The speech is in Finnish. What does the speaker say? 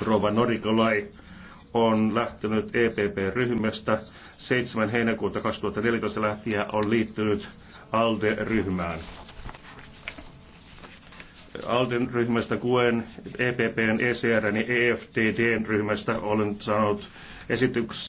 Rova Norikolai on lähtenyt EPP-ryhmästä. 7. heinäkuuta 2014 lähtien on liittynyt ALDE-ryhmään. ALDEn ryhmästä kuen EPPn, ECRn ja EFTDn ryhmästä olen saanut esityksiä.